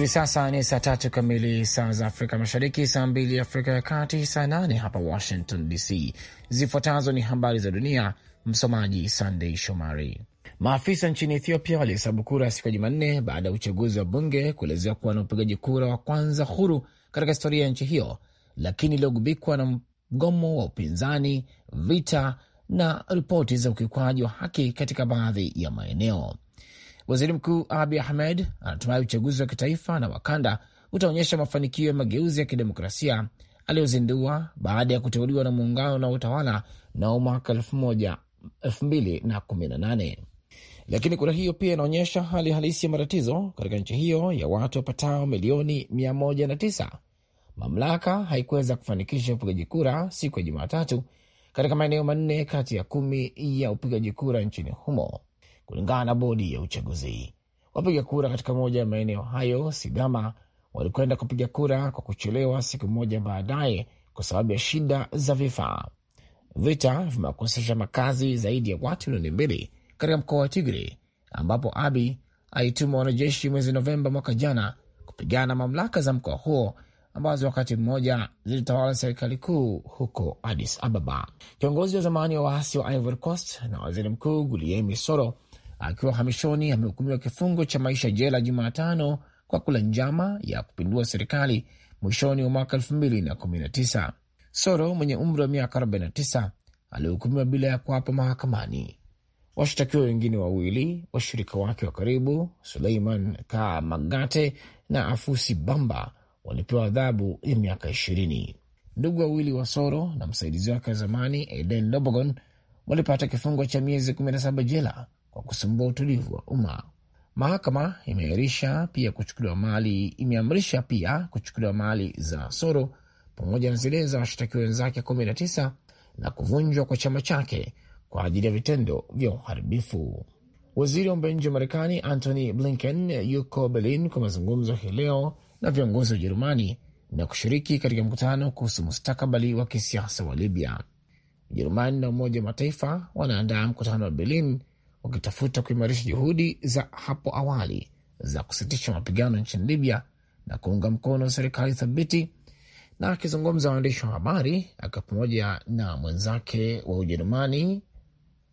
Hivi sasa ni saa tatu kamili saa za Afrika Mashariki, saa mbili Afrika ya Kati, saa nane hapa Washington DC. Zifuatazo ni habari za dunia, msomaji Sandei Shomari. Maafisa nchini Ethiopia walihesabu kura siku ya Jumanne baada ya uchaguzi wa bunge kuelezea kuwa na upigaji kura wa kwanza huru katika historia ya nchi hiyo, lakini iliyogubikwa na mgomo wa upinzani, vita na ripoti za ukiukwaji wa haki katika baadhi ya maeneo. Waziri Mkuu Abi Ahmed anatumai uchaguzi wa kitaifa na wakanda utaonyesha mafanikio ya mageuzi ya kidemokrasia aliyozindua baada ya kuteuliwa na muungano na utawala nao mwaka nane lakini kura hiyo pia inaonyesha hali halisi ya matatizo katika nchi hiyo ya watu wapatao milioni tisa Mamlaka haikuweza kufanikisha upigaji kura siku ya Jumatatu katika maeneo manne kati ya kumi ya upigaji kura nchini humo kulingana na bodi ya uchaguzi. Wapiga kura katika moja ya maeneo hayo Sidama walikwenda kupiga kura kwa kuchelewa siku moja baadaye kwa sababu ya shida za vifaa. Vita vimewakosesha makazi zaidi ya watu milioni mbili katika mkoa wa Tigre, ambapo Abi alituma wanajeshi mwezi Novemba mwaka jana kupigana na mamlaka za mkoa huo ambazo wakati mmoja zilitawala serikali kuu huko Addis Ababa. Kiongozi wa zamani wa waasi wa Ivory Coast na waziri mkuu Guliemi Soro akiwa uhamishoni amehukumiwa kifungo cha maisha jela Jumatano kwa kula njama ya kupindua serikali mwishoni mwa mwaka 2019. Soro mwenye umri wa miaka 49 alihukumiwa bila ya kuwapa mahakamani. Washtakiwa wengine wawili, washirika wake wa karibu, Suleiman Magate na Afusi Bamba, walipewa adhabu ya miaka ishirini. Ndugu wawili wa Soro na msaidizi wake wa zamani Eden Lobogon walipata kifungo cha miezi 17 jela kwa kusumbua utulivu wa umma. Mahakama imeamrisha pia kuchukuliwa mali imeamrisha pia kuchukuliwa mali za Soro pamoja na zile za washtakiwa wenzake kumi na kuvunjwa kwa chama chake kwa ajili ya vitendo vya uharibifu. Waziri wa mambo ya nje wa Marekani Antony Blinken yuko Berlin kwa mazungumzo hii leo na viongozi wa Ujerumani na kushiriki katika mkutano kuhusu mustakabali wa kisiasa wa Libya. Ujerumani na Umoja wa Mataifa wanaandaa mkutano wa Berlin wakitafuta kuimarisha juhudi za hapo awali za kusitisha mapigano nchini Libya na kuunga mkono serikali thabiti. Na akizungumza waandishi wa habari akiwa pamoja na mwenzake wa Ujerumani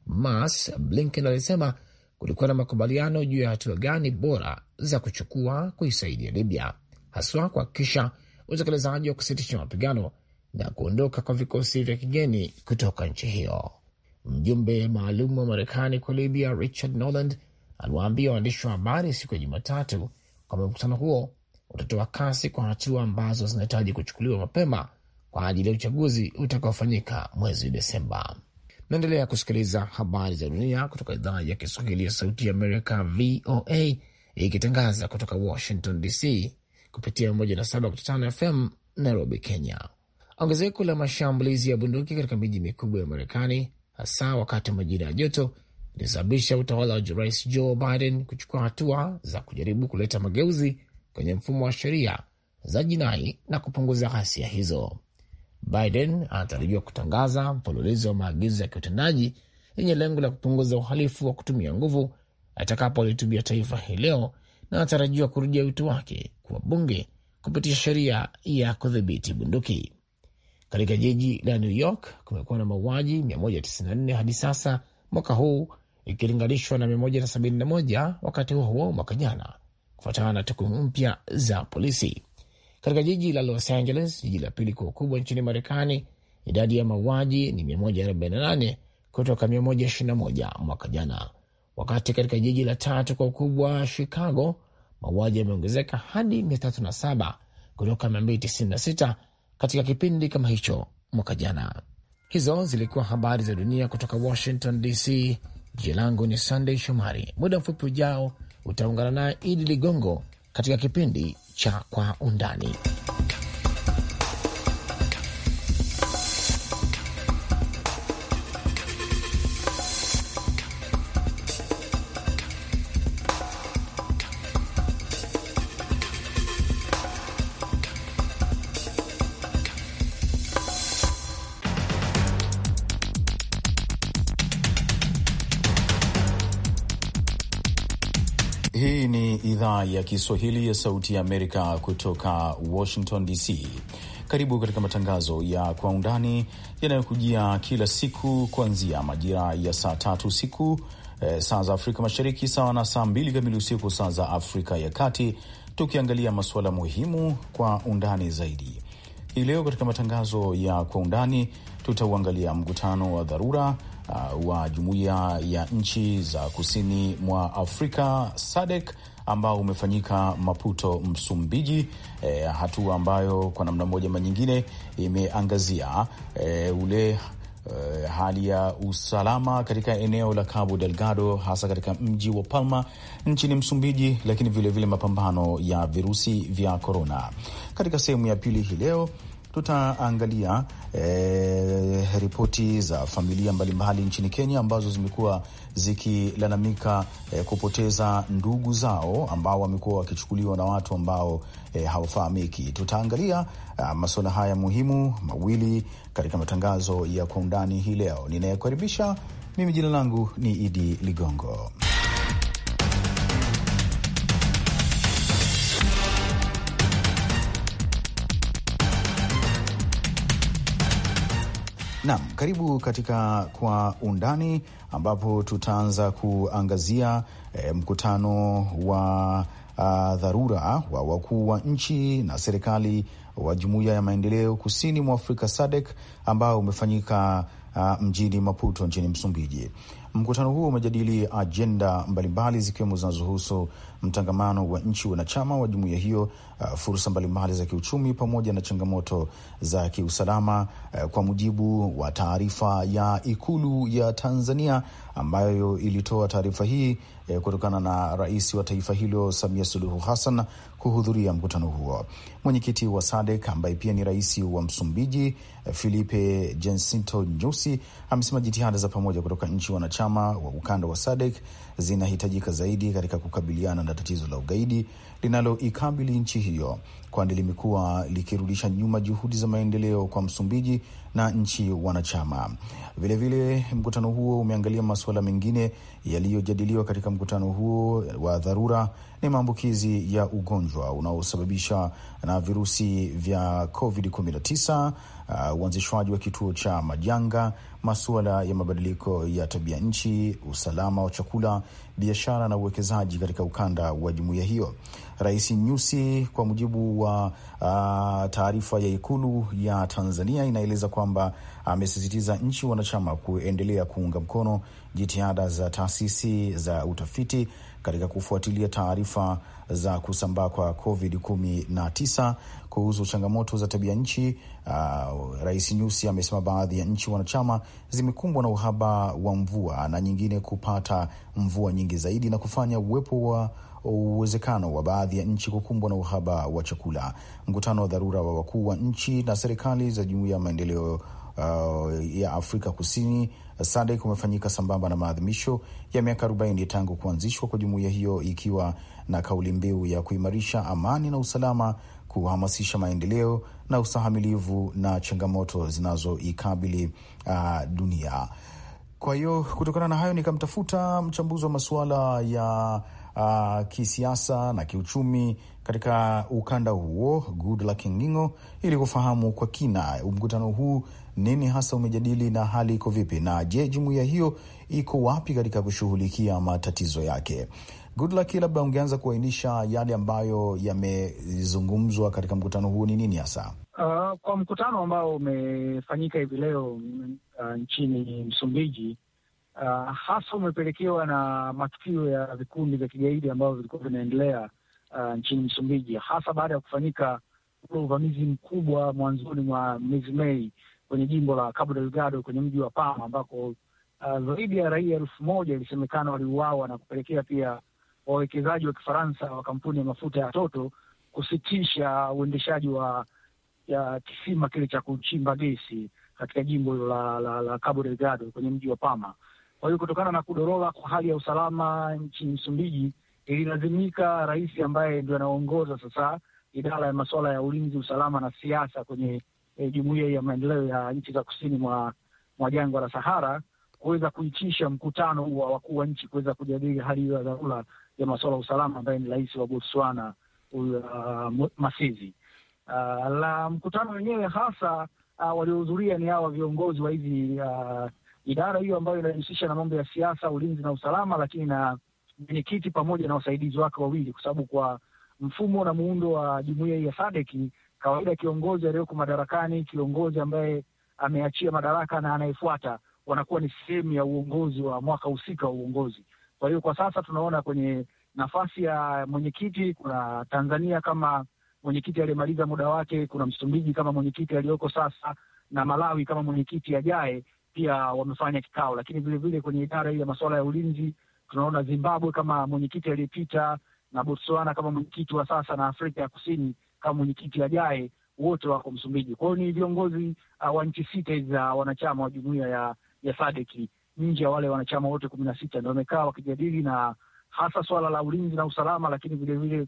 Mas, Blinken alisema kulikuwa na makubaliano juu ya hatua gani bora za kuchukua kuisaidia Libya, haswa kuhakikisha utekelezaji wa kusitisha mapigano na kuondoka kwa vikosi vya kigeni kutoka nchi hiyo. Mjumbe maalum wa Marekani kwa Libya Richard Noland aliwaambia waandishi wa habari siku ya Jumatatu kwamba mkutano huo utatoa kasi kwa hatua ambazo zinahitaji kuchukuliwa mapema kwa ajili ya uchaguzi utakaofanyika mwezi Desemba. Naendelea kusikiliza habari za dunia kutoka idhaa ya Kiswahili ya Sauti ya Amerika, VOA, ikitangaza kutoka Washington DC kupitia 107.5 FM Nairobi, Kenya. Ongezeko la mashambulizi ya bunduki katika miji mikubwa ya Marekani hasa wakati wa majira ya joto ilisababisha utawala wa Rais Joe Biden kuchukua hatua za kujaribu kuleta mageuzi kwenye mfumo wa sheria za jinai na kupunguza ghasia hizo. Biden anatarajiwa kutangaza mfululizo wa maagizo ya kiutendaji yenye lengo la kupunguza uhalifu wa kutumia nguvu atakapolihutubia taifa hii leo, na anatarajiwa kurudia wito wake kwa bunge kupitisha sheria ya kudhibiti bunduki. Katika jiji la New York kumekuwa na mauaji 194 hadi sasa mwaka huu ikilinganishwa na 171 wakati huo huo mwaka jana, kufuatana na takwimu mpya za polisi. Katika jiji la Los Angeles, jiji la pili kwa ukubwa nchini Marekani, idadi ya mauaji ni 148 kutoka 121 mwaka jana, wakati katika jiji la tatu kwa ukubwa Chicago mauaji yameongezeka hadi 307 kutoka 296 katika kipindi kama hicho mwaka jana. Hizo zilikuwa habari za dunia kutoka Washington DC. Jina langu ni Sandey Shomari. Muda mfupi ujao utaungana naye Idi Ligongo katika kipindi cha Kwa Undani. Kiswahili ya Sauti ya Amerika kutoka Washington DC. Karibu katika matangazo ya Kwa Undani yanayokujia kila siku kuanzia majira ya saa tatu usiku e, saa za Afrika Mashariki, sawa na saa mbili kamili usiku saa za Afrika ya Kati, tukiangalia masuala muhimu kwa undani zaidi. Hii leo katika matangazo ya Kwa Undani tutauangalia mkutano wa dharura uh, wa Jumuiya ya Nchi za Kusini mwa Afrika SADC ambao umefanyika Maputo, Msumbiji, e, hatua ambayo kwa namna moja ama nyingine imeangazia e, ule e, hali ya usalama katika eneo la Cabo Delgado hasa katika mji wa Palma nchini Msumbiji, lakini vilevile vile mapambano ya virusi vya korona. Katika sehemu ya pili hii leo tutaangalia eh, ripoti za familia mbalimbali nchini Kenya ambazo zimekuwa zikilalamika eh, kupoteza ndugu zao ambao wamekuwa wakichukuliwa na watu ambao eh, hawafahamiki. Tutaangalia ah, masuala haya muhimu mawili katika matangazo ya kwa undani hii leo. ninayekaribisha mimi, jina langu ni Idi Ligongo. Naam, karibu katika Kwa Undani, ambapo tutaanza kuangazia e, mkutano wa a, ah, dharura wa wakuu wa nchi na serikali wa Jumuiya ya Maendeleo Kusini mwa Afrika SADC ambao umefanyika a, ah, mjini Maputo nchini Msumbiji. Mkutano huo umejadili ajenda mbalimbali zikiwemo zinazohusu mtangamano wa nchi wanachama wa jumuiya hiyo, uh, fursa mbalimbali za kiuchumi pamoja na changamoto za kiusalama, uh, kwa mujibu wa taarifa ya Ikulu ya Tanzania ambayo ilitoa taarifa hii uh, kutokana na rais wa taifa hilo Samia Suluhu Hassan kuhudhuria mkutano huo. Mwenyekiti wa SADC ambaye pia ni rais wa Msumbiji uh, Filipe Jacinto Nyusi amesema jitihada za pamoja kutoka nchi wanachama wa ukanda wa SADC zinahitajika zaidi katika kukabiliana na tatizo la ugaidi linaloikabili nchi hiyo kwani limekuwa likirudisha nyuma juhudi za maendeleo kwa Msumbiji na nchi wanachama. Vilevile, mkutano huo umeangalia masuala mengine yaliyojadiliwa katika mkutano huo wa dharura ni maambukizi ya ugonjwa unaosababisha na virusi vya COVID-19, uh, uanzishwaji uh, wa kituo cha majanga, masuala ya mabadiliko ya tabia nchi, usalama wa chakula, biashara na uwekezaji katika ukanda wa jumuiya hiyo. Rais Nyusi, kwa mujibu wa kuwa uh, ah, taarifa ya Ikulu ya Tanzania inaeleza kwamba amesisitiza uh, nchi wanachama kuendelea kuunga mkono jitihada za taasisi za utafiti katika kufuatilia taarifa za kusambaa kwa COVID-19 kuhusu changamoto za tabia nchi. Uh, Rais Nyusi amesema baadhi ya nchi wanachama zimekumbwa na uhaba wa mvua na nyingine kupata mvua nyingi zaidi na kufanya uwepo wa uwezekano wa baadhi ya nchi kukumbwa na uhaba wa chakula. Mkutano wa dharura wa wakuu wa nchi na serikali za Jumuiya ya Maendeleo Uh, ya Afrika Kusini SADC umefanyika sambamba na maadhimisho ya miaka 40 tangu kuanzishwa kwa jumuiya hiyo ikiwa na kauli mbiu ya kuimarisha amani na usalama, kuhamasisha maendeleo na ustahamilivu na changamoto zinazoikabili uh, dunia. Kwa hiyo kutokana na hayo nikamtafuta mchambuzi wa masuala ya uh, kisiasa na kiuchumi katika ukanda huo, Goodluck Ngingo, ili kufahamu kwa kina mkutano huu nini hasa umejadili na hali iko vipi, na je, jumuiya hiyo iko wapi katika kushughulikia matatizo yake. Goodluck, labda ungeanza kuainisha yale ambayo yamezungumzwa katika mkutano huu ni nini hasa? Uh, kwa mkutano ambao umefanyika hivi leo uh, nchini Msumbiji uh, hasa umepelekewa na matukio ya vikundi vya kigaidi ambavyo vilikuwa vinaendelea uh, nchini Msumbiji, hasa baada ya kufanyika ule uvamizi mkubwa mwanzoni mwa mwezi Mei kwenye jimbo la Cabo Delgado kwenye mji wa Palma ambako uh, zaidi ya raia elfu moja ilisemekana waliuawa na kupelekea pia wawekezaji wa Kifaransa wa kampuni ya mafuta ya toto kusitisha uendeshaji wa ya kisima kile cha kuchimba gesi katika jimbo la, la, la Cabo Delgado kwenye mji wa Palma. Kwa hiyo kutokana na kudorora kwa hali ya usalama nchini Msumbiji, ililazimika rais ambaye ndio anaongoza sasa idara ya masuala ya ulinzi, usalama na siasa kwenye e, jumuiya ya maendeleo ya nchi za kusini mwa, mwa jangwa la Sahara kuweza kuitisha mkutano wa wakuu wa nchi kuweza kujadili hali hiyo ya dharura ya masuala ya usalama, ambaye ni rais wa Botswana uh, Masisi. Uh, la mkutano wenyewe hasa uh, waliohudhuria ni hawa viongozi wa hizi uh, idara hiyo ambayo inajihusisha na mambo ya siasa, ulinzi na usalama, lakini na mwenyekiti pamoja na wasaidizi wake wawili, kwa sababu kwa mfumo na muundo wa jumuia hii ya Sadeki, kawaida kiongozi aliyoko madarakani, kiongozi ambaye ameachia madaraka na anayefuata wanakuwa ni sehemu ya uongozi wa mwaka husika wa uongozi. Kwa hiyo kwa sasa tunaona kwenye nafasi ya mwenyekiti kuna Tanzania kama mwenyekiti aliyemaliza muda wake, kuna Msumbiji kama mwenyekiti aliyoko sasa na Malawi kama mwenyekiti ajaye pia wamefanya kikao, lakini vilevile kwenye idara hii ya masuala ya ulinzi tunaona Zimbabwe kama mwenyekiti aliyepita na Botswana kama mwenyekiti wa sasa na Afrika ya Kusini kama mwenyekiti ajaye wote wako Msumbiji. Kwa hiyo ni viongozi uh, wa nchi sita hizi za wanachama wa jumuia ya ya Sadeki nje ya wale wanachama wote kumi na sita ndio wamekaa wakijadili na hasa swala la ulinzi na usalama, lakini vilevile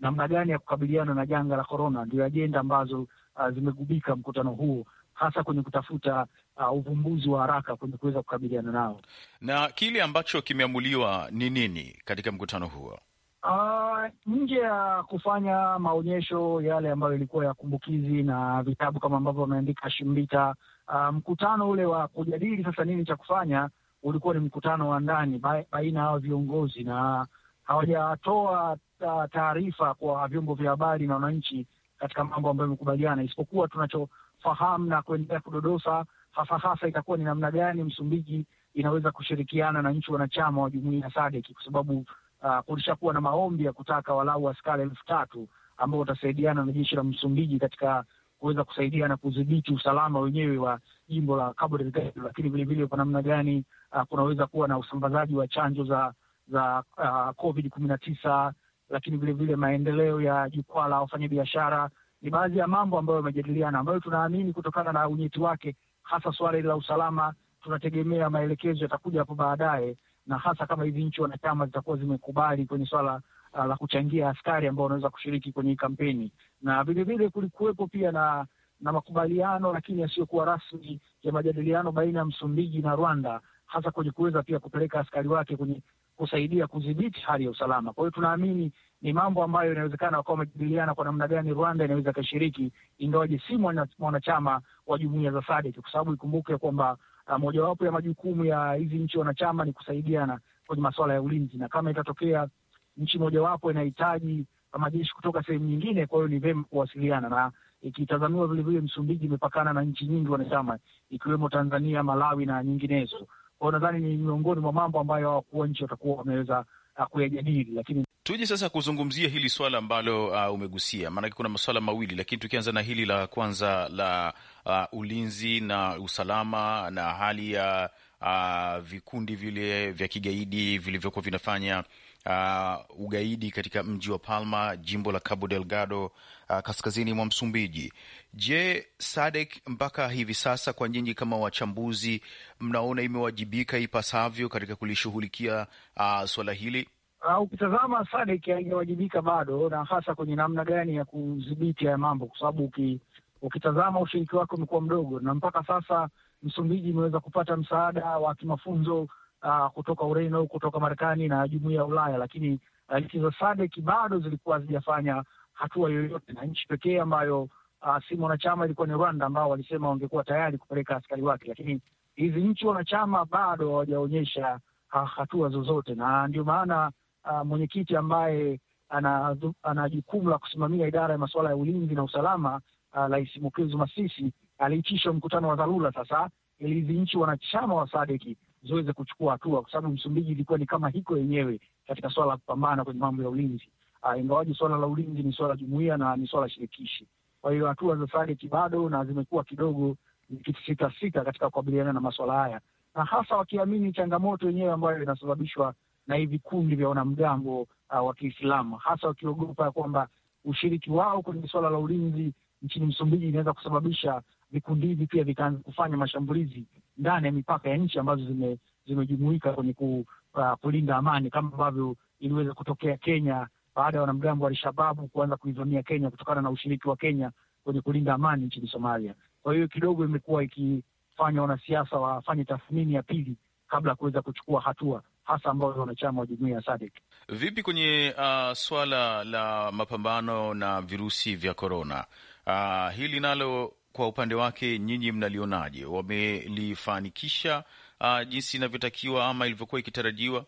namna gani ya kukabiliana na janga la korona, ndio ajenda ambazo uh, zimegubika mkutano huo hasa kwenye kutafuta uh, uvumbuzi wa haraka kwenye kuweza kukabiliana nao. Na kile ambacho kimeamuliwa ni nini katika mkutano huo? Uh, nje ya kufanya maonyesho yale ambayo ilikuwa ya kumbukizi na vitabu kama ambavyo wameandika Shimbita, uh, mkutano ule wa kujadili sasa nini cha kufanya ulikuwa ni mkutano wa ndani baina ya viongozi na hawajatoa uh, taarifa kwa vyombo vya habari na wananchi katika mambo ambayo amekubaliana isipokuwa tunacho fahamu na kuendelea kudodosa, hasa hasa itakuwa ni namna gani Msumbiji inaweza kushirikiana na nchi wanachama wa jumuia ya SADC kwa sababu uh, kulishakuwa na maombi ya kutaka walau askari elfu tatu ambao watasaidiana na jeshi la Msumbiji katika kuweza kusaidia na kudhibiti usalama wenyewe wa jimbo la Cabo Delgado, lakini vilevile kwa namna gani uh, kunaweza kuwa na usambazaji wa chanjo za za uh, COVID kumi na tisa, lakini vilevile maendeleo ya jukwaa la wafanyabiashara ni baadhi ya mambo ambayo yamejadiliana, ambayo tunaamini kutokana na unyeti wake, hasa suala hili la usalama, tunategemea maelekezo yatakuja hapo baadaye, na hasa kama hizi nchi wanachama zitakuwa zimekubali kwenye swala uh, la kuchangia askari ambao wanaweza kushiriki kwenye hii kampeni. Na vilevile kulikuwepo pia na na makubaliano lakini yasiyokuwa rasmi ya majadiliano baina ya Msumbiji na Rwanda hasa kwenye kuweza pia kupeleka askari wake kwenye kusaidia kudhibiti hali ya usalama. Kwa hiyo tunaamini ni mambo ambayo inawezekana wakawa wamejadiliana kwa namna gani Rwanda inaweza ikashiriki, ingawaje si mwanachama wa jumuiya za SADC, kwa sababu ikumbuke kwamba ah, mojawapo ya majukumu ya hizi nchi wanachama ni kusaidiana kwenye masuala ya ulinzi, na kama itatokea nchi mojawapo inahitaji majeshi kutoka sehemu nyingine, kwa hiyo ni vema kuwasiliana. Na ikitazamiwa vilevile, Msumbiji imepakana na nchi nyingi wanachama, ikiwemo Tanzania, Malawi na nyinginezo kwao. Nadhani ni miongoni mwa mambo ambayo wakuu wa nchi watakuwa wameweza uh, kuyajadili, lakini tuje sasa kuzungumzia hili swala ambalo uh, umegusia, maanake kuna masuala mawili, lakini tukianza na hili la kwanza la uh, ulinzi na usalama na hali ya uh, vikundi vile vya kigaidi vilivyokuwa vinafanya uh, ugaidi katika mji wa Palma, jimbo la Cabo Delgado, uh, kaskazini mwa Msumbiji. Je, Sadek mpaka hivi sasa, kwa nyinyi kama wachambuzi, mnaona imewajibika ipasavyo katika kulishughulikia uh, suala hili? Uh, ukitazama Sadek haijawajibika bado, na hasa kwenye namna gani ya kudhibiti haya mambo, kwa sababu uki ukitazama ushiriki wake umekuwa mdogo, na mpaka sasa Msumbiji imeweza kupata msaada wa kimafunzo uh, kutoka Ureno kutoka Marekani na jumuiya ya Ulaya, lakini uh, nchi za SADC bado zilikuwa hazijafanya hatua yoyote, na nchi pekee ambayo uh, si mwanachama ilikuwa ni Rwanda, ambao walisema wangekuwa tayari kupeleka askari wake, lakini hizi nchi wanachama bado hawajaonyesha uh, hatua zozote, na ndio maana uh, mwenyekiti ambaye ana, ana jukumu la kusimamia idara ya masuala ya ulinzi na usalama uh, Rais uh, Masisi aliitisha mkutano wa dharura sasa, ili hizi nchi wanachama wa Sadeki ziweze kuchukua hatua, kwa sababu Msumbiji ilikuwa ni kama hiko yenyewe katika swala la kupambana kwenye mambo ya ulinzi, ah, ingawaji swala la ulinzi ni swala jumuia na ni swala shirikishi. Kwa hiyo hatua za SADC bado na zimekuwa kidogo sita katika kukabiliana na maswala haya, na hasa wakiamini changamoto yenyewe ambayo inasababishwa na hivi kundi vya wanamgambo uh, wa Kiislamu, hasa wakiogopa kwamba ushiriki wao kwenye swala la ulinzi nchini Msumbiji inaweza kusababisha vikundi hivi pia vikaanza kufanya mashambulizi ndani ya mipaka ya nchi ambazo zime, zimejumuika kwenye ku, uh, kulinda amani kama ambavyo iliweza kutokea Kenya baada ya wanamgambo wa Alshababu kuanza kuivamia Kenya kutokana na ushiriki wa Kenya kwenye kulinda amani nchini Somalia. Kwa hiyo kidogo imekuwa ikifanya wanasiasa wafanye tathmini ya pili kabla ya kuweza kuchukua hatua hasa ambao ni wanachama wa jumuia ya SADC. Vipi kwenye uh, swala la mapambano na virusi vya korona? Uh, hili nalo kwa upande wake nyinyi mnalionaje? Wamelifanikisha uh, jinsi inavyotakiwa ama ilivyokuwa ikitarajiwa?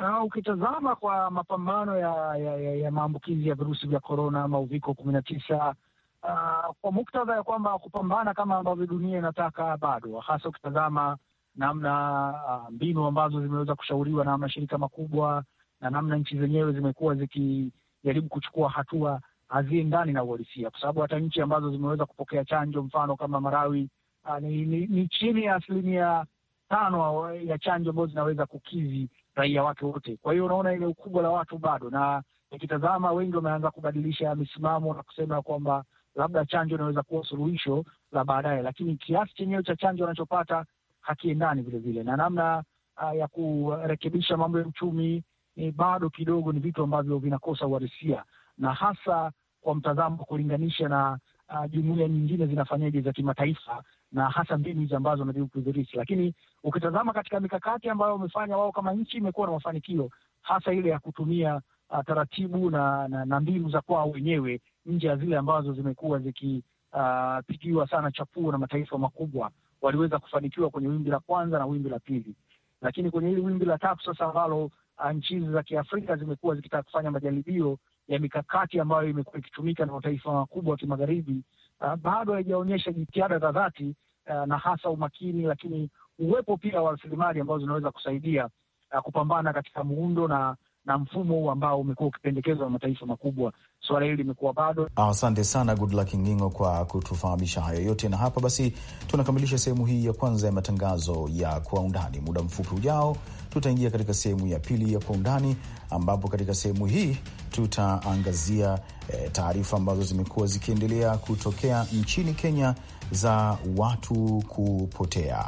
Uh, ukitazama kwa mapambano ya, ya, ya, ya maambukizi ya virusi vya korona ama uviko kumi na tisa uh, kwa muktadha ya kwamba kupambana kama ambavyo dunia inataka bado, hasa ukitazama namna mbinu ambazo zimeweza kushauriwa na mashirika makubwa na namna nchi zenyewe zimekuwa zikijaribu kuchukua hatua haziendani na uhalisia, kwa sababu hata nchi ambazo zimeweza kupokea chanjo, mfano kama Marawi, ah, ni, ni, ni chini ya asilimia tano ya chanjo ambazo zinaweza kukidhi raia wake wote. Kwa hiyo unaona ile ukubwa la watu bado, na nikitazama wengi wameanza kubadilisha misimamo na kusema kwamba labda chanjo inaweza kuwa suluhisho la baadaye, lakini kiasi chenyewe cha chanjo wanachopata hakiendani vile vile na namna ah, ya kurekebisha mambo ya uchumi ni eh, bado kidogo, ni vitu ambavyo vinakosa uhalisia na hasa kwa mtazamo wa kulinganisha na uh, jumuiya nyingine zinafanyaje za kimataifa na hasa mbinu hizi ambazo wanajaribu kuzirisi. Lakini ukitazama katika mikakati ambayo wamefanya wao kama nchi, imekuwa na mafanikio hasa ile ya kutumia uh, taratibu na, na, na mbinu za kwao wenyewe nje ya zile ambazo zimekuwa zikipigiwa uh, sana chapuo na mataifa makubwa. Waliweza kufanikiwa kwenye wimbi la kwanza na wimbi la pili, lakini kwenye hili wimbi la tatu sasa ambalo uh, nchi hizi za Kiafrika zimekuwa zikitaka kufanya majaribio ya mikakati ambayo imekuwa ikitumika na mataifa makubwa ya kimagharibi uh, bado haijaonyesha jitihada za dhati uh, na hasa umakini, lakini uwepo pia wa rasilimali ambazo zinaweza kusaidia uh, kupambana katika muundo na na mfumo huu ambao umekuwa ukipendekezwa na mataifa makubwa. Suala hili limekuwa bado. Asante sana Goodluck Ngingo kwa kutufahamisha hayo yote, na hapa basi tunakamilisha sehemu hii ya kwanza ya matangazo ya Kwa Undani. Muda mfupi ujao tutaingia katika sehemu ya pili ya kwa undani, ambapo katika sehemu hii tutaangazia e, taarifa ambazo zimekuwa zikiendelea kutokea nchini Kenya za watu kupotea.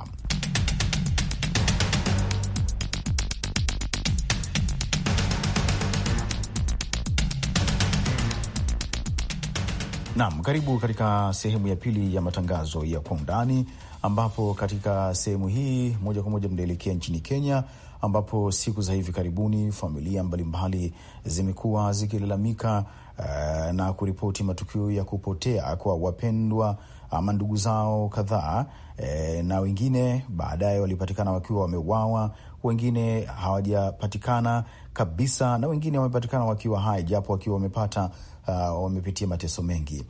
Naam, karibu katika sehemu ya pili ya matangazo ya kwa undani ambapo katika sehemu hii moja kwa moja tunaelekea nchini Kenya ambapo siku za hivi karibuni familia mbalimbali zimekuwa zikilalamika uh, na kuripoti matukio ya kupotea kwa wapendwa ama ndugu zao kadhaa e, na wengine baadaye walipatikana wakiwa wameuawa, wengine hawajapatikana kabisa, na wengine wamepatikana wakiwa hai japo wakiwa wamepata uh, wamepitia mateso mengi.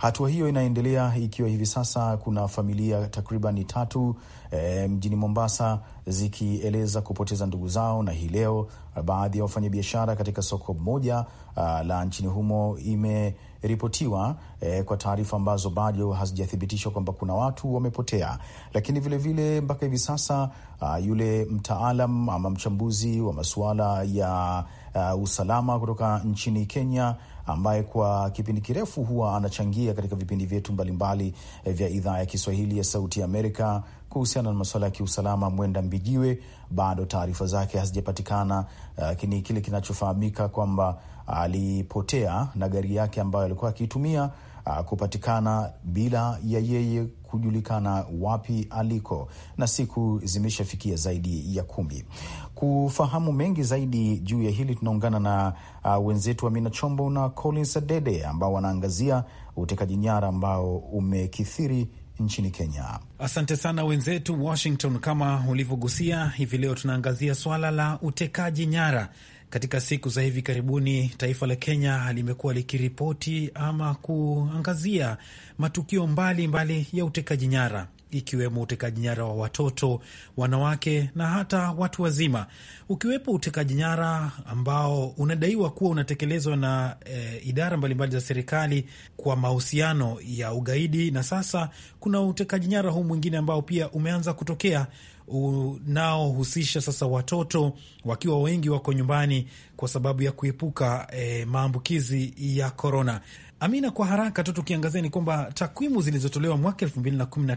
Hatua hiyo inaendelea ikiwa hivi sasa kuna familia takriban tatu e, mjini Mombasa zikieleza kupoteza ndugu zao, na hii leo baadhi ya wafanyabiashara katika soko moja a, ah, la nchini humo imeripotiwa e, kwa taarifa ambazo bado hazijathibitishwa kwamba kuna watu wamepotea, lakini vilevile mpaka hivi sasa a, ah, yule mtaalam ama mchambuzi wa masuala ya a, ah, usalama kutoka nchini Kenya ambaye kwa kipindi kirefu huwa anachangia katika vipindi vyetu mbalimbali mbali eh, vya idhaa ya Kiswahili ya Sauti ya Amerika kuhusiana na masuala ya kiusalama. Mwenda Mbijiwe, bado taarifa zake hazijapatikana. Uh, kile kinachofahamika kwamba alipotea na gari yake ambayo alikuwa akiitumia uh, kupatikana bila ya yeye kujulikana wapi aliko, na siku zimeshafikia zaidi ya kumi. Kufahamu mengi zaidi juu ya hili, tunaungana na uh, wenzetu Amina Chombo na Collins Adede ambao wanaangazia utekaji nyara ambao umekithiri nchini Kenya. Asante sana wenzetu Washington. Kama ulivyogusia hivi leo, tunaangazia swala la utekaji nyara katika siku za hivi karibuni taifa la Kenya limekuwa likiripoti ama kuangazia matukio mbalimbali mbali ya utekaji nyara ikiwemo utekaji nyara wa watoto, wanawake na hata watu wazima, ukiwepo utekaji nyara ambao unadaiwa kuwa unatekelezwa na e, idara mbalimbali za serikali kwa mahusiano ya ugaidi, na sasa kuna utekaji nyara huu mwingine ambao pia umeanza kutokea unaohusisha sasa watoto wakiwa wengi wako nyumbani kwa sababu ya kuepuka e, maambukizi ya korona. Amina, kwa haraka tu tukiangazia ni kwamba takwimu zilizotolewa mwaka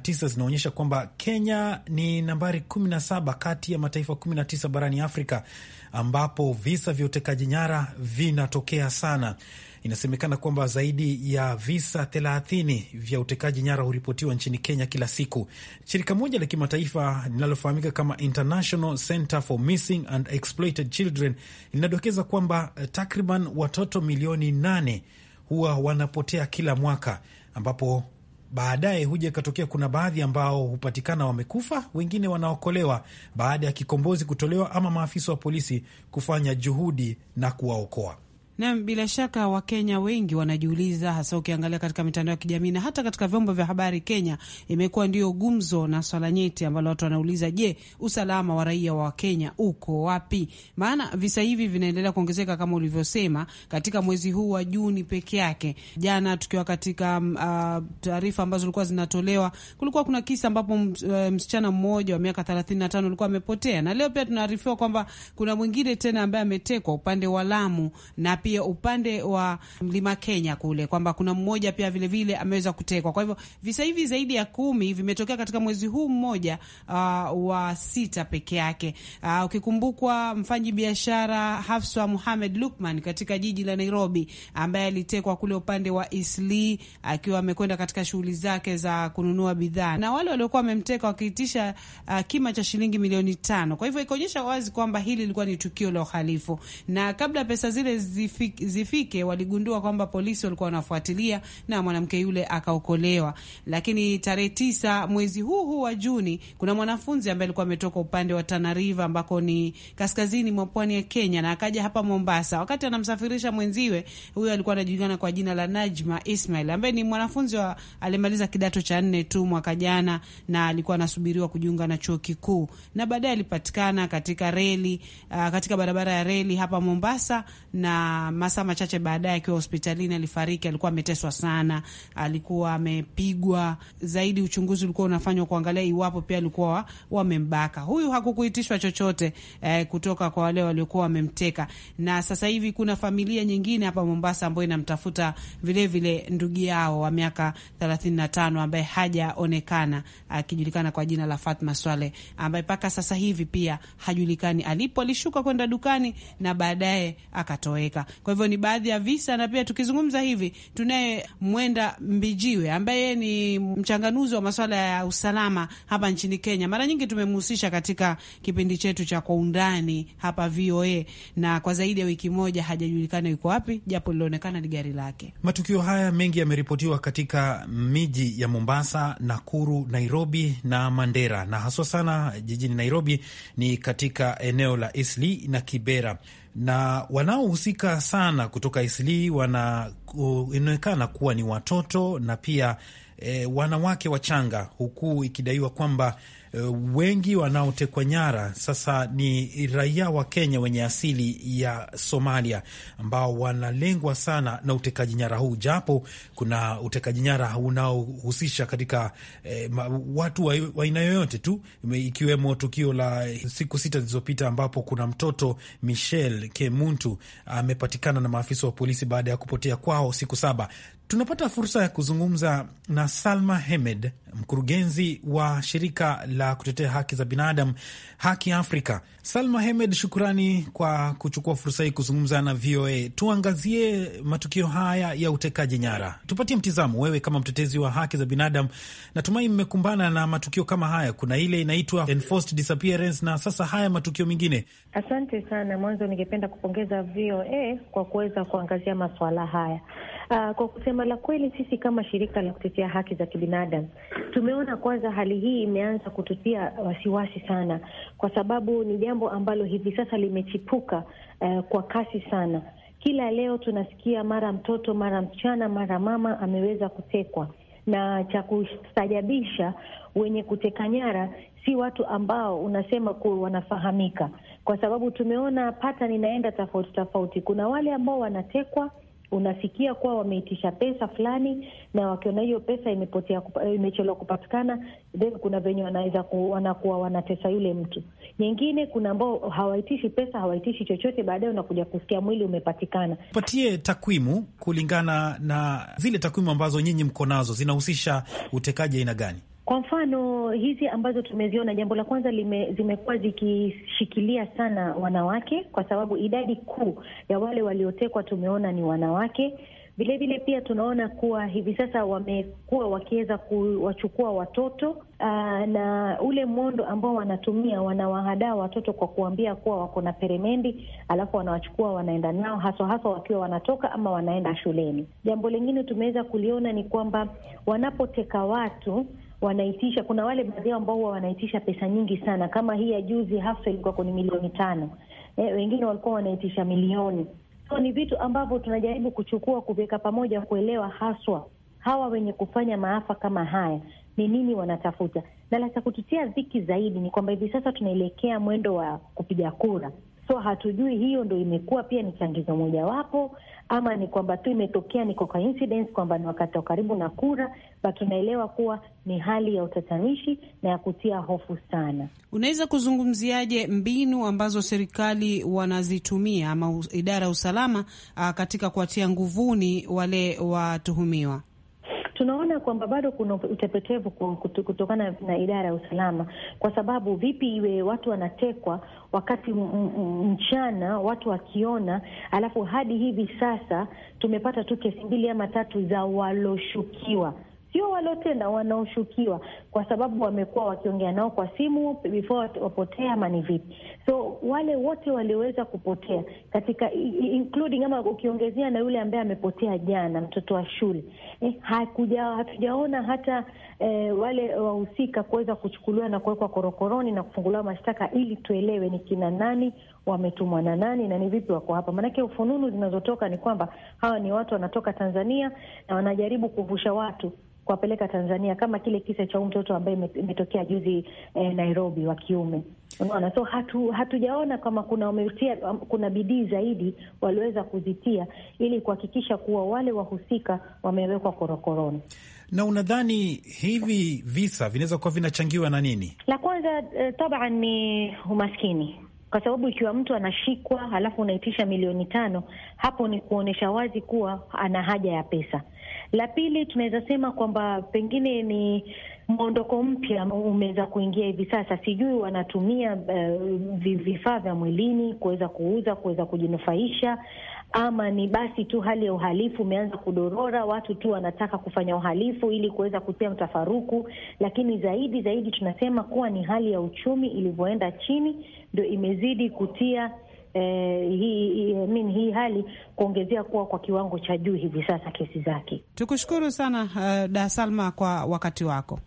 tisa zinaonyesha kwamba Kenya ni nambari 17 kati ya mataifa tisa barani Afrika ambapo visa vya utekaji nyara vinatokea sana. Inasemekana kwamba zaidi ya visa 30 vya utekaji nyara huripotiwa nchini Kenya kila siku. Shirika moja la kimataifa linalofahamika kama International Center for Missing and Exploited Children linadokeza kwamba eh, takriban watoto milioni 8 huwa wanapotea kila mwaka, ambapo baadaye huja ikatokea kuna baadhi ambao hupatikana wamekufa, wengine wanaokolewa baada ya kikombozi kutolewa ama maafisa wa polisi kufanya juhudi na kuwaokoa. Nam, bila shaka Wakenya wengi wanajiuliza, hasa ukiangalia katika mitandao ya kijamii na hata katika vyombo vya habari. Kenya imekuwa ndio gumzo na swala nyeti ambalo watu wanauliza, je, usalama wa raia wa Kenya uko wapi? Maana visa hivi vinaendelea kuongezeka kama ulivyosema, katika mwezi huu wa Juni peke yake. Jana tukiwa katika uh, taarifa ambazo zilikuwa zinatolewa, kulikuwa kuna kisa ambapo mm, eh, msichana mmoja wa miaka 35 alikuwa amepotea, na leo pia tunaarifiwa kwamba kuna mwingine tena ambaye ametekwa upande wa Lamu na pia upande wa mlima Kenya kule kwamba kuna mmoja pia vile vile ameweza kutekwa. Kwa hivyo visa hivi zaidi ya kumi vimetokea katika mwezi huu mmoja uh, wa sita peke yake. Uh, ukikumbukwa mfanyi biashara Hafsa Muhamed Lukman katika jiji la Nairobi ambaye alitekwa kule upande wa Isli akiwa amekwenda katika shughuli zake za kununua bidhaa, na wale waliokuwa wamemteka wakiitisha uh, kima cha shilingi milioni tano. Kwa hivyo ikaonyesha wazi kwamba hili lilikuwa ni tukio la uhalifu na kabla pesa zile zi zifike, zifike waligundua kwamba polisi walikuwa wanafuatilia na mwanamke yule akaokolewa. Lakini tarehe tisa mwezi huu huu wa Juni, kuna mwanafunzi ambaye alikuwa ametoka upande wa Tana River ambako ni kaskazini mwa pwani ya Kenya na akaja hapa Mombasa. Wakati anamsafirisha mwenziwe, huyo alikuwa anajulikana kwa jina la Najma Ismail ambaye ni mwanafunzi wa alimaliza kidato cha nne tu mwaka jana na alikuwa anasubiriwa kujiunga na chuo kikuu na baadaye alipatikana katika reli, uh, katika barabara ya reli hapa Mombasa na masaa machache baadaye akiwa hospitalini alifariki. Alikuwa ameteswa sana, alikuwa amepigwa zaidi. Uchunguzi ulikuwa unafanywa kuangalia iwapo pia alikuwa wamembaka. Huyu hakukuitishwa chochote eh, kutoka kwa wale waliokuwa wamemteka, na sasa hivi kuna familia nyingine hapa Mombasa ambayo inamtafuta vilevile ndugu yao wa miaka 35 ambaye hajaonekana, akijulikana kwa jina la Fatma Swale, ambaye mpaka sasa hivi pia hajulikani alipo. Alishuka kwenda dukani na baadaye akatoweka. Kwa hivyo ni baadhi ya visa, na pia tukizungumza hivi tunaye Mwenda Mbijiwe ambaye ni mchanganuzi wa masuala ya usalama hapa nchini Kenya. Mara nyingi tumemhusisha katika kipindi chetu cha Kwa Undani hapa VOA, na kwa zaidi ya wiki moja hajajulikana yuko wapi, japo lilionekana ni gari lake. Matukio haya mengi yameripotiwa katika miji ya Mombasa, Nakuru, Nairobi na Mandera, na haswa sana jijini Nairobi ni katika eneo la Isli na Kibera na wanaohusika sana kutoka Isli wanaonekana kuwa ni watoto na pia e, wanawake wachanga, huku ikidaiwa kwamba Eh, wengi wanaotekwa nyara sasa ni raia wa Kenya wenye asili ya Somalia ambao wanalengwa sana na utekaji nyara huu, japo kuna utekaji nyara unaohusisha katika eh, watu wa aina yoyote tu, ikiwemo tukio la siku sita zilizopita ambapo kuna mtoto Michel Kemuntu amepatikana na maafisa wa polisi baada ya kupotea kwao siku saba. Tunapata fursa ya kuzungumza na Salma Hemed mkurugenzi wa shirika la kutetea haki za binadamu Haki Afrika. Salma Hemed, shukrani kwa kuchukua fursa hii kuzungumza na VOA. Tuangazie matukio haya ya utekaji nyara, tupatie mtizamo. Wewe kama mtetezi wa haki za binadamu, natumai mmekumbana na matukio kama haya. Kuna ile inaitwa enforced disappearance na sasa haya matukio mengine. Asante sana. Mwanzo ningependa kupongeza VOA kwa kuweza kuangazia maswala haya Uh, kwa kusema la kweli, sisi kama shirika la kutetea haki za kibinadamu tumeona kwanza hali hii imeanza kututia wasiwasi sana, kwa sababu ni jambo ambalo hivi sasa limechipuka uh, kwa kasi sana. Kila leo tunasikia mara mtoto, mara msichana, mara mama ameweza kutekwa, na cha kustajabisha wenye kuteka nyara si watu ambao unasema kuwa wanafahamika, kwa sababu tumeona pattern inaenda tofauti tofauti. Kuna wale ambao wanatekwa unasikia kuwa wameitisha pesa fulani, na wakiona hiyo pesa imepotea, imechelewa kupatikana, then kuna venye wanaweza ku, wanakuwa wanatesa yule mtu. Nyingine kuna ambao hawaitishi pesa, hawaitishi chochote, baadaye unakuja kusikia mwili umepatikana. Patie takwimu kulingana na zile takwimu ambazo nyinyi mko nazo, zinahusisha utekaji aina gani? Kwa mfano hizi ambazo tumeziona, jambo la kwanza lime, zimekuwa zikishikilia sana wanawake, kwa sababu idadi kuu ya wale waliotekwa tumeona ni wanawake. Vilevile pia tunaona kuwa hivi sasa wamekuwa wakiweza kuwachukua watoto aa, na ule mwondo ambao wanatumia, wanawahadaa watoto kwa kuambia kuwa wako na peremendi, alafu wanawachukua wanaenda nao, haswa haswa wakiwa wanatoka ama wanaenda shuleni. Jambo lingine tumeweza kuliona ni kwamba wanapoteka watu wanaitisha, kuna wale baadhi yao ambao huwa wanaitisha pesa nyingi sana, kama hii ya juzi hafsa ilikuwa kwenye milioni tano. E, wengine walikuwa wanaitisha milioni. So ni vitu ambavyo tunajaribu kuchukua, kuviweka pamoja, kuelewa haswa hawa wenye kufanya maafa kama haya ni nini wanatafuta. Na la cha kututia dhiki zaidi ni kwamba hivi sasa tunaelekea mwendo wa kupiga kura so hatujui hiyo ndo imekuwa pia ni changizo mojawapo, ama ni kwamba tu imetokea ni kwa coincidence kwamba ni wakati wa karibu na kura, ba tunaelewa kuwa ni hali ya utatanishi na ya kutia hofu sana. Unaweza kuzungumziaje mbinu ambazo serikali wanazitumia ama idara ya usalama katika kuwatia nguvuni wale watuhumiwa? tunaona kwamba bado kuna utepetevu kutokana na idara ya usalama, kwa sababu vipi iwe watu wanatekwa wakati mchana watu wakiona, alafu hadi hivi sasa tumepata tu kesi mbili ama tatu za waloshukiwa sio waliotenda, wanaoshukiwa, kwa sababu wamekuwa wakiongea nao kwa simu before wapotea ama ni vipi. So wale wote walioweza kupotea katika including, ama ukiongezea na yule ambaye amepotea jana, mtoto wa shule eh, hakuja, hatujaona hata eh, wale wahusika kuweza kuchukuliwa na kuwekwa korokoroni na kufunguliwa mashtaka ili tuelewe ni kina nani wametumwa na nani na ni vipi wako hapa. Maanake ufununu zinazotoka ni kwamba hawa ni watu wanatoka Tanzania na wanajaribu kuvusha watu kuwapeleka Tanzania, kama kile kisa cha huu mtoto ambaye imetokea juzi eh, Nairobi wa kiume. Unaona, so hatu hatujaona kama kuna umetia, um, kuna bidii zaidi waliweza kuzitia ili kuhakikisha kuwa wale wahusika wamewekwa korokoroni. Na unadhani hivi visa vinaweza kuwa vinachangiwa na nini? La kwanza eh, taban ni umaskini kwa sababu ikiwa mtu anashikwa halafu unaitisha milioni tano, hapo ni kuonyesha wazi kuwa ana haja ya pesa. La pili, tunaweza sema kwamba pengine ni mwondoko mpya umeweza kuingia hivi sasa, sijui wanatumia uh, vifaa vya mwilini kuweza kuuza, kuweza kujinufaisha, ama ni basi tu hali ya uhalifu umeanza kudorora, watu tu wanataka kufanya uhalifu ili kuweza kutia mtafaruku. Lakini zaidi zaidi tunasema kuwa ni hali ya uchumi ilivyoenda chini ndio imezidi kutia eh, hii min eh, hii hali kuongezea kuwa kwa kiwango cha juu hivi sasa kesi zake. Tukushukuru sana uh, Da Salma kwa wakati wako,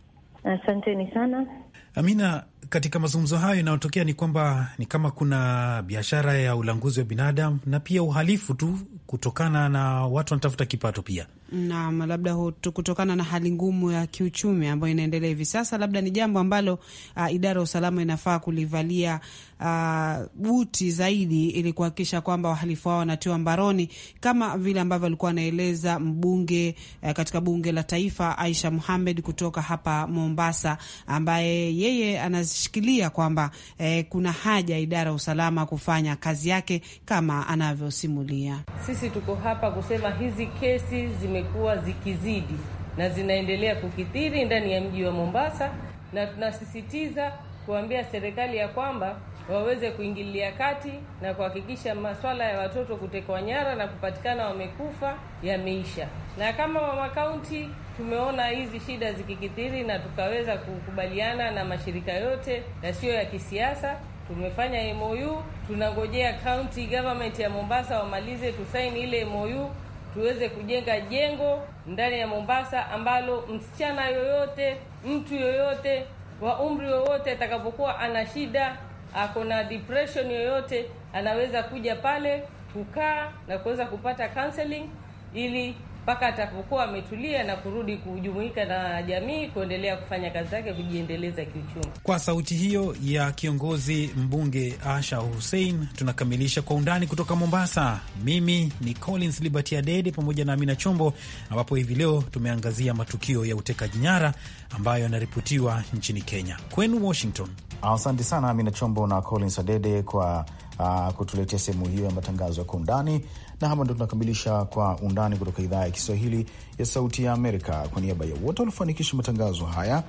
asanteni sana Amina. Katika mazungumzo hayo inayotokea ni kwamba ni kama kuna biashara ya ulanguzi wa binadamu na pia uhalifu tu kutokana na watu wanatafuta kipato pia. Naam, labda kutokana na hali ngumu ya kiuchumi ambayo inaendelea hivi sasa, labda ni jambo ambalo uh, idara ya usalama inafaa kulivalia uh, buti zaidi ili kuhakikisha kwamba wahalifu hao wanatiwa mbaroni kama vile ambavyo alikuwa anaeleza mbunge uh, katika bunge la taifa Aisha muhamed kutoka hapa Mombasa, ambaye yeye anashikilia kwamba uh, kuna haja idara ya usalama kufanya kazi yake kama anavyosimulia. Sisi tuko hapa kusema hizi kesi zimekuwa zikizidi na zinaendelea kukithiri ndani ya mji wa Mombasa, na tunasisitiza kuambia serikali ya kwamba waweze kuingilia kati na kuhakikisha maswala ya watoto kutekwa nyara na kupatikana wamekufa yameisha. Na kama mama kaunti tumeona hizi shida zikikithiri, na tukaweza kukubaliana na mashirika yote yasiyo ya kisiasa tumefanya MOU, tunangojea county government ya Mombasa wamalize tusaini ile MOU, tuweze kujenga jengo ndani ya Mombasa ambalo msichana yoyote, mtu yoyote wa umri wowote atakapokuwa ana shida ako na depression yoyote, anaweza kuja pale kukaa na kuweza kupata counseling ili mpaka atakapokuwa ametulia na kurudi kujumuika na jamii kuendelea kufanya kazi zake kujiendeleza kiuchumi. Kwa sauti hiyo ya kiongozi mbunge Asha Hussein, tunakamilisha Kwa Undani kutoka Mombasa. Mimi ni Collins Liberty Adede pamoja na Amina Chombo, ambapo hivi leo tumeangazia matukio ya utekaji nyara ambayo yanaripotiwa nchini Kenya. Kwenu Washington, asante sana Amina Chombo na Collins Adede kwa uh, kutuletea sehemu hiyo ya matangazo ya kwa undani, na hapa ndo tunakamilisha kwa undani kutoka idhaa ya Kiswahili ya Sauti ya Amerika. Kwa niaba ya wote waliofanikisha matangazo haya,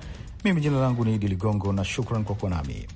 mimi jina langu ni Idi Ligongo na shukran kwa kuwa nami.